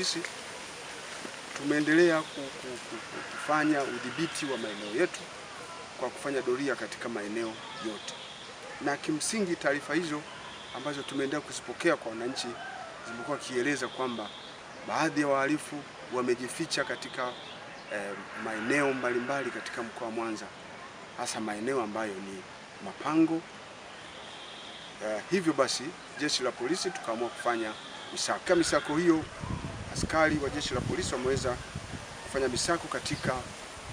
polisi tumeendelea kufanya udhibiti wa maeneo yetu kwa kufanya doria katika maeneo yote, na kimsingi taarifa hizo ambazo tumeendelea kuzipokea kwa wananchi zimekuwa kieleza kwamba baadhi ya wahalifu wamejificha katika eh, maeneo mbalimbali katika mkoa wa Mwanza, hasa maeneo ambayo ni mapango. Eh, hivyo basi jeshi la polisi tukaamua kufanya misako. misako hiyo askari wa jeshi la polisi wameweza kufanya misako katika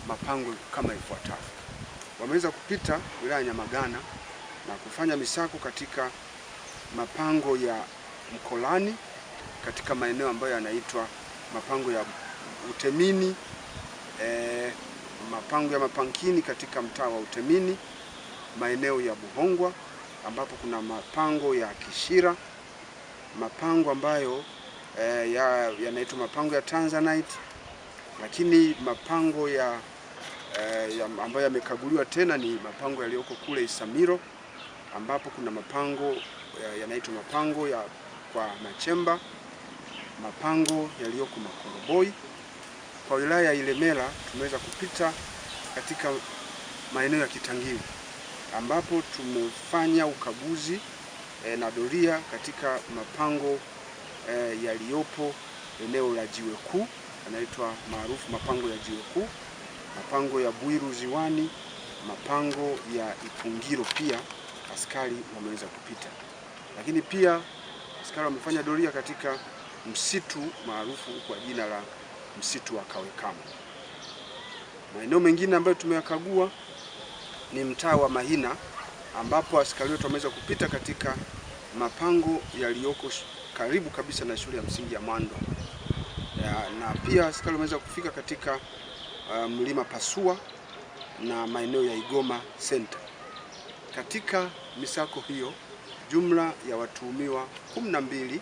mapango kama ifuatavyo. Wameweza kupita wilaya ya Nyamagana na kufanya misako katika mapango ya Mkolani katika maeneo ambayo yanaitwa mapango ya Utemini e, mapango ya Mapankini katika mtaa wa Utemini, maeneo ya Buhongwa ambapo kuna mapango ya Kishira, mapango ambayo Eh, ya yanaitwa mapango ya Tanzanite, lakini mapango ya, eh, ya ambayo yamekaguliwa tena ni mapango yaliyoko kule Isamilo ambapo kuna mapango eh, yanaitwa ya mapango ya kwa Machemba, mapango yaliyoko Makoroboi. Kwa wilaya ya Ilemela tumeweza kupita katika maeneo ya Kitangiwi ambapo tumefanya ukaguzi e, na doria katika mapango eh, yaliyopo eneo la Jiwe Kuu anaitwa maarufu mapango ya Jiwe Kuu, mapango ya Bwiru Ziwani, mapango ya Ipungiro. Pia askari wameweza kupita, lakini pia askari wamefanya doria katika msitu maarufu kwa jina la msitu wa Kawekamo. Maeneo mengine ambayo tumeyakagua ni mtaa wa Mahina ambapo askari wetu wameweza kupita katika mapango yaliyoko karibu kabisa na shule ya msingi ya Mwando ya, na pia askari wameweza kufika katika uh, mlima Pasua na maeneo ya Igoma Center. Katika misako hiyo jumla ya watuhumiwa kumi na mbili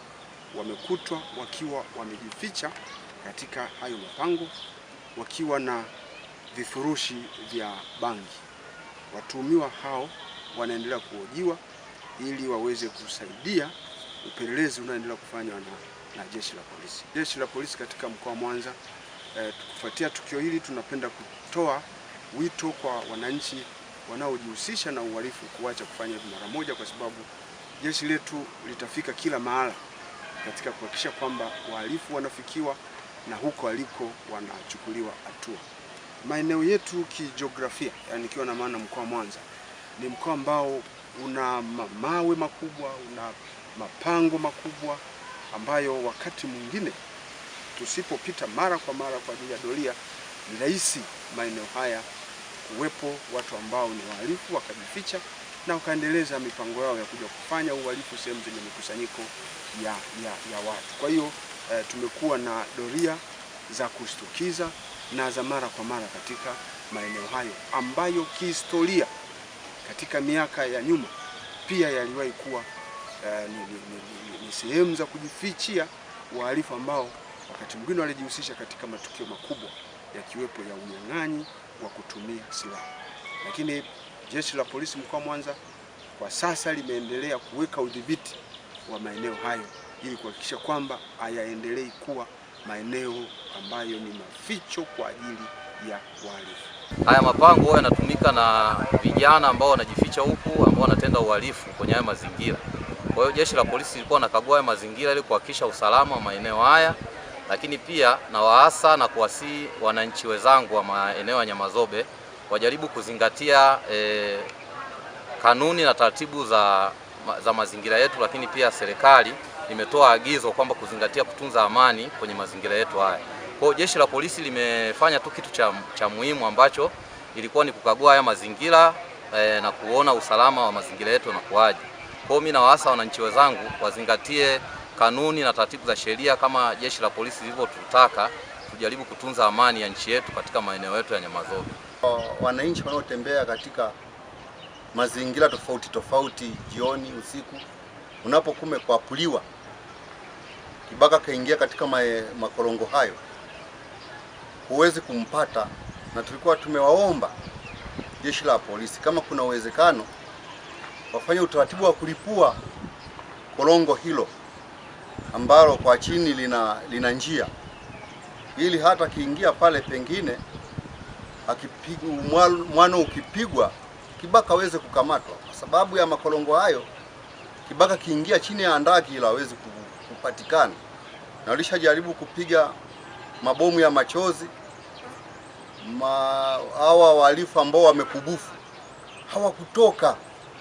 wamekutwa wakiwa wamejificha katika hayo mapango wakiwa na vifurushi vya bangi. Watuhumiwa hao wanaendelea kuhojiwa ili waweze kusaidia upelelezi unaoendelea kufanywa na, na jeshi la polisi. Jeshi la polisi katika mkoa wa Mwanza eh, kufuatia tukio hili tunapenda kutoa wito kwa wananchi wanaojihusisha na uhalifu kuacha kufanya hivi mara moja, kwa sababu jeshi letu litafika kila mahala katika kuhakikisha kwamba wahalifu wanafikiwa na huko aliko wanachukuliwa hatua. Maeneo yetu kijiografia, yani ikiwa na maana mkoa wa Mwanza ni mkoa ambao una mawe makubwa, una mapango makubwa ambayo wakati mwingine tusipopita mara kwa mara kwa ajili ya doria, ni rahisi maeneo haya kuwepo watu ambao ni wahalifu wakajificha na wakaendeleza mipango yao ya kuja kufanya uhalifu sehemu zenye mikusanyiko ya, ya, ya watu. Kwa hiyo e, tumekuwa na doria za kushtukiza na za mara kwa mara katika maeneo hayo ambayo kihistoria katika miaka ya nyuma pia yaliwahi kuwa Eh, ni, ni, ni, ni sehemu za kujifichia wahalifu ambao wakati mwingine walijihusisha katika matukio makubwa yakiwepo ya unyang'anyi wa kutumia silaha. Lakini jeshi la polisi mkoa Mwanza kwa sasa limeendelea kuweka udhibiti wa maeneo hayo ili kuhakikisha kwamba hayaendelei kuwa maeneo ambayo ni maficho kwa ajili ya wahalifu. Haya mapango yanatumika na vijana ambao wanajificha huku, ambao wanatenda uhalifu kwenye haya mazingira. Kwa hiyo jeshi la polisi lilikuwa nakagua mazingira ili kuhakikisha usalama wa maeneo haya, lakini pia na waasa na kuwasii wananchi wenzangu wa maeneo ya Nyamazobe wajaribu kuzingatia e, kanuni na taratibu za, za mazingira yetu, lakini pia serikali imetoa agizo kwamba kuzingatia kutunza amani kwenye mazingira yetu haya. Kwa hiyo jeshi la polisi limefanya tu kitu cha, cha muhimu ambacho ilikuwa ni kukagua haya mazingira e, na kuona usalama wa mazingira yetu na kuaje kwa mimi nawaasa wananchi wenzangu wazingatie kanuni na taratibu za sheria kama jeshi la polisi lilivyotutaka, tujaribu kutunza amani ya nchi yetu katika maeneo yetu ya Nyamazobe. Wananchi wanaotembea katika mazingira tofauti tofauti, jioni, usiku, unapokume kwapuliwa kibaka kaingia katika mae, makorongo hayo huwezi kumpata, na tulikuwa tumewaomba jeshi la polisi kama kuna uwezekano wafanye utaratibu wa kulipua korongo hilo ambalo kwa chini lina, lina njia ili hata akiingia pale pengine mwano ukipigwa kibaka aweze kukamatwa, kwa sababu ya makorongo hayo. Kibaka kiingia chini ya handaki ila hawezi kupatikana, na walishajaribu kupiga mabomu ya machozi ma, hawa wahalifu ambao wamekubufu hawakutoka.